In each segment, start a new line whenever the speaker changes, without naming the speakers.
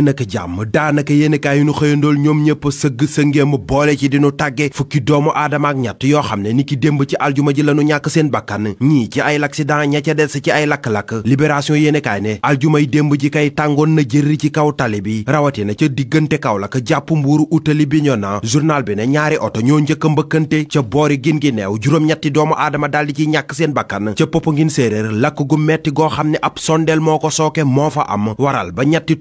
naka jàmm daanaka yéenekaay yu nu xëyandool ñoom ñëpp sëgg sa ngéem boole ci dinu tàgge fukki doomu aadama ak ñett yoo xam ne ni ki démb ci aljuma ji lañu ñàkk seen bakkan ñii ci ay l'accident ña ca des ci ay lakk-lakk libération yéenekaay ne aljumay démb ji kay tàngoon na jërri ci kaw tali bi rawatina ca diggante Kaolack jàpp mbuuru utali bi ñoo na journal bi ne ñaari oto ñoo njëkk mbëkkante ca boori gin gi neew juróom-ñetti doomu aadama daldi ci ñàkk seen bakkan ca popp ngin séeréer lakk gu metti goo xam ne ab sondeel moo ko sooke moo fa am ba ñetti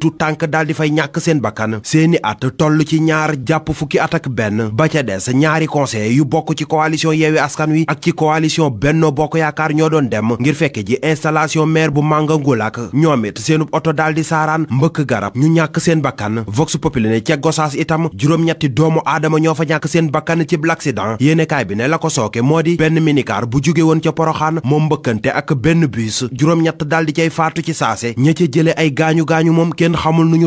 daal di fay ñàkk seen bakkan seeni at toll ci ñaar jàpp fukki at ak benn ba ca des ñaari conseil yu bokk ci coalition yeewi askan wi ak ci coalition Benno Bokk Yaakaar ñoo doon dem ngir fekke ji installation maire bu Mangangulak ñoom it seenub oto daal di saaraan mbëkk garab ñu ñàkk seen bakkan Vox Populi ne ca Gosaas itam juróom-ñetti doomu aadama ñoo fa ñàkk seen bakkan ci l'accident yéenekaay bi ne la ko sooke moo di benn minicar bu jóge woon ca Poroxaan moom mbëkkante ak benn bus juróom-ñett daal di cay faatu ci saase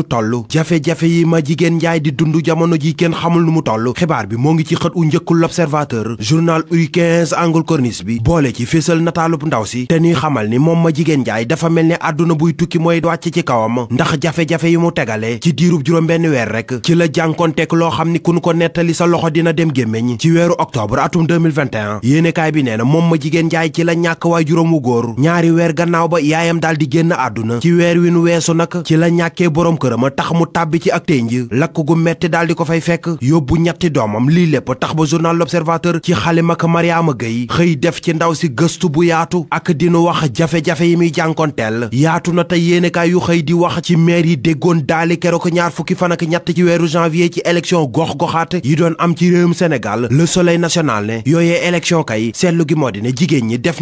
toll jafe-jafe yi ma jigéen njaay di dund jamono ji kenn xamul nu mu toll xibaar bi moo ngi ci xët u njëkkul l'observateur journal U 15 angle corniche bi boole ci fésal nataalub ndaw si te ñuy xamal ni moom ma jigéen njaay dafa mel ni àdduna buy tukki mooy wàcc ci kawam ndax jafe-jafe yi mu tegale ci diirub juróom benn weer rek ci la jànkonteek loo xam ni ku nu ko nettali sa loxo dina dem gémmiñ ci weeru octobre atum 2021 yéenekaay bi nee na moom ma jigéen ci la ñàkk waay juróom wu góor weer gannaaw ba yaayam daal di génn àdduna ci weer wi nu weesu nag ci la ñàkkee boroom kër Ibrahima tax mu tàbbi ci ak tenj lakk gu metti daal di ko fay fekk yóbbu ñetti doomam lii lépp tax ba journal l'Observateur ci xalima ak Mariama Gueye xëy def ci ndaw si gëstu bu yaatu ak dinu wax jafe-jafe yi muy jànkonteel yaatu na tey yéenekaay yu xëy di wax ci maire yi déggoon daali keroog ñaar fukki fan ak ñett ci weeru janvier ci élection gox-goxaat yi doon am ci réewum Sénégal la soleil national ne yooyee élection kay seetlu gi moo di ne jigéen ñi def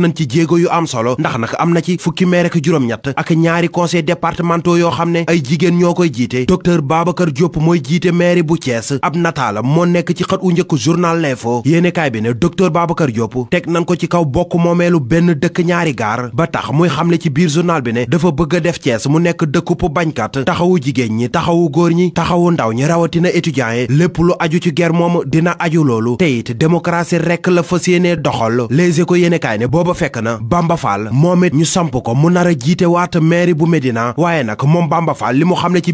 am solo ndax nag am na ci fukki maire ak juróom-ñett koy jiite docteur Babacar Diop mooy jiite mairie bu Thiès ab nataalam moo nekk ci xët u njëkk journal l'info yéenekaay bi ne docteur Babacar Diop teg nan ko ci kaw bokk moomeelu benn dëkk ñaari gaar ba tax muy xamle ci biir journal bi ne dafa bëgg def cees mu nekk dëkku dëkkub bañkat taxawu jigéen ñi taxawu góor ñi taxawu ndaw ñi rawatina étudiants yi lépp lu aju ci guerre moom dina aju loolu te it démocratie rekk la fa yéenee doxal Les Échos yéenekaay ne booba fekk na Bamba Fall moom ko mu nar a jiite waata mairie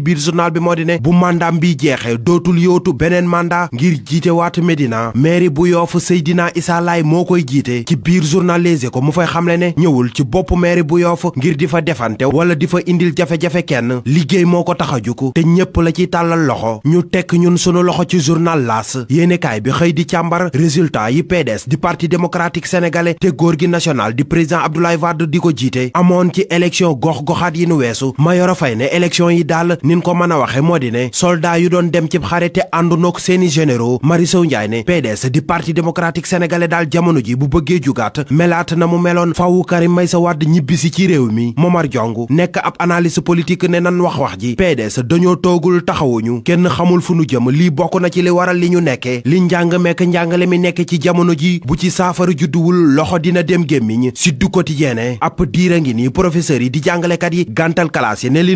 ci biir journal bi moo di ne bu mandaam bi jeexee dootul yootu beneen mandat ngir jiite waatu Médina mairie bu Yoff Seydina Issa Laye moo koy jiite ci biir journal Les ko mu fay xamle ne ñëwul ci bopp mairie bu Yoff ngir di fa defante wala di fa indil jafe-jafe kenn liggéey moo ko tax a jug te ñépp la ciy tàllal loxo ñu tekk ñun sunu loxo ci journal L'As yéenekaay bi xëy di càmbar résultat yi PDS di parti démocratique sénégalais te góor gi national di président Abdoulaye Wade di ko jiite amoon ci élection gox goxaat yi nin ko mën a waxe moo di ne soldat yu doon dem cib xare te àndunook seeni généraux Marie Sow Ndiaye ne PDS di parti démocratique sénégalais daal jamono ji bu bëggee jugaat melaat na mu meloon fawu Karim Meïssa Wade ñibbisi ci réew mi Momar Diong nekk ab analyste politique ne nan wax wax ji PDS dañoo toogul taxawuñu kenn xamul fu nu jëm lii bokk na ci li waral li ñu nekkee li njàng mekk njàngale mi nekk ci jamono ji bu ci saafara judduwul loxo dina dem gémmiñ si du quotidien ab diir ngi nii professeurs yi di jàngalekat yi yi ne li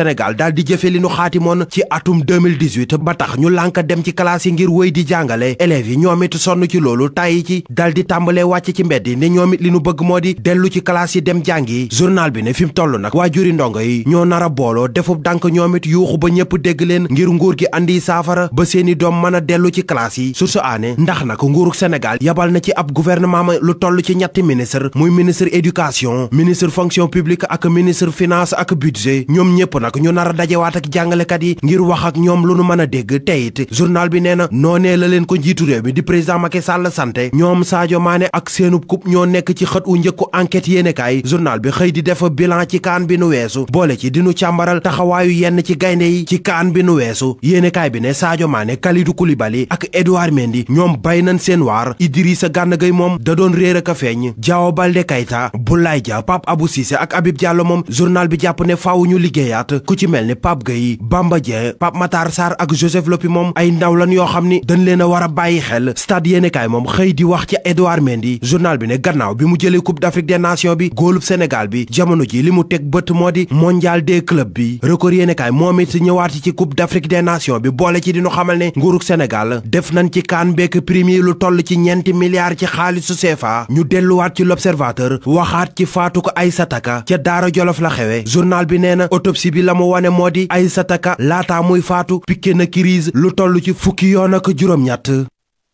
Sénégal daal di jëfe li ñu xaatimoon ci atum 2018 ba tax ñu lànk dem ci classe yi ngir wéy di jàngale élèves yi ñoom it sonn ci loolu tàyyi ci dal di tàmbalee wàcc ci mbedd yi ne ñoom li ñu bëgg moo di dellu ci classe yi dem jàngi journal bi ne fi mu toll nag waajuri ndongo yi ñoo nar a booloo defub dànk ñoom it yuuxu ba ñëpp dégg leen ngir nguur gi indi saafara ba seeni doom mën a dellu ci classe yi source aane ndax nag nguurug Sénégal yabal na ci ab gouvernement ma lu toll ci ñetti ministre muy ministre éducation ministre fonction publique ak ministre finance ak budget ñoom nag ñu nar a dajewaat ak jàngalekat yi ngir wax ak ñoom lu nu mën a dégg teyit journal bi nee na noonee la leen ko njiitu réew mi di président Macky Sall santé ñoom Sadio Mané ak seenub coupe ñoo nekk ci xët u njëkku enquête yéenekaay journal bi xëy di def bilan ci kaan bi nu weesu boole ci di nu càmbaral taxawaayu yenn ci gaynde yi ci kaan bi nu weesu yéenekaay bi ne Sadio Mané Kalidou Koulibaly ak Edouard Mendy ñoom bay nañ seen waar Idrissa Gana Gueye moom da doon réer ak a feeñ Diao Baldé Keita Boulaye Dia Pape Abou Cissé ak Habib Diallo ku ci mel ni Pape Gueye Bamba Dieng Pape Matar Sarr ak Joseph Lopi moom ay ndaw lan yoo xam ni dañ leen a war a bàyyi xel stade yéenekaay moom xëy di wax ci Edouard Mendy journal bi ne gannaaw bi mu jëlee Coupe d'Afrique des Nations bi góolub Sénégal bi jamono ji li mu teg bët moo di mondial des clubs bi record yéenekaay moom it ñëwaat ci Coupe d'Afrique des Nations bi boole ci dinu xamal ne nguurug Sénégal def nañ ci kaan bekk prime lu toll ci ñeenti milliards ci xaalisu CFA ñu delluwaat ci l'observateur waxaat ci faatu ko Aïssata Ka ca Daara Jolof la bi la wane wone moo di Aïssata Ka laataa muy faatu piqué na crise lu toll ci fukki yoon ak juróom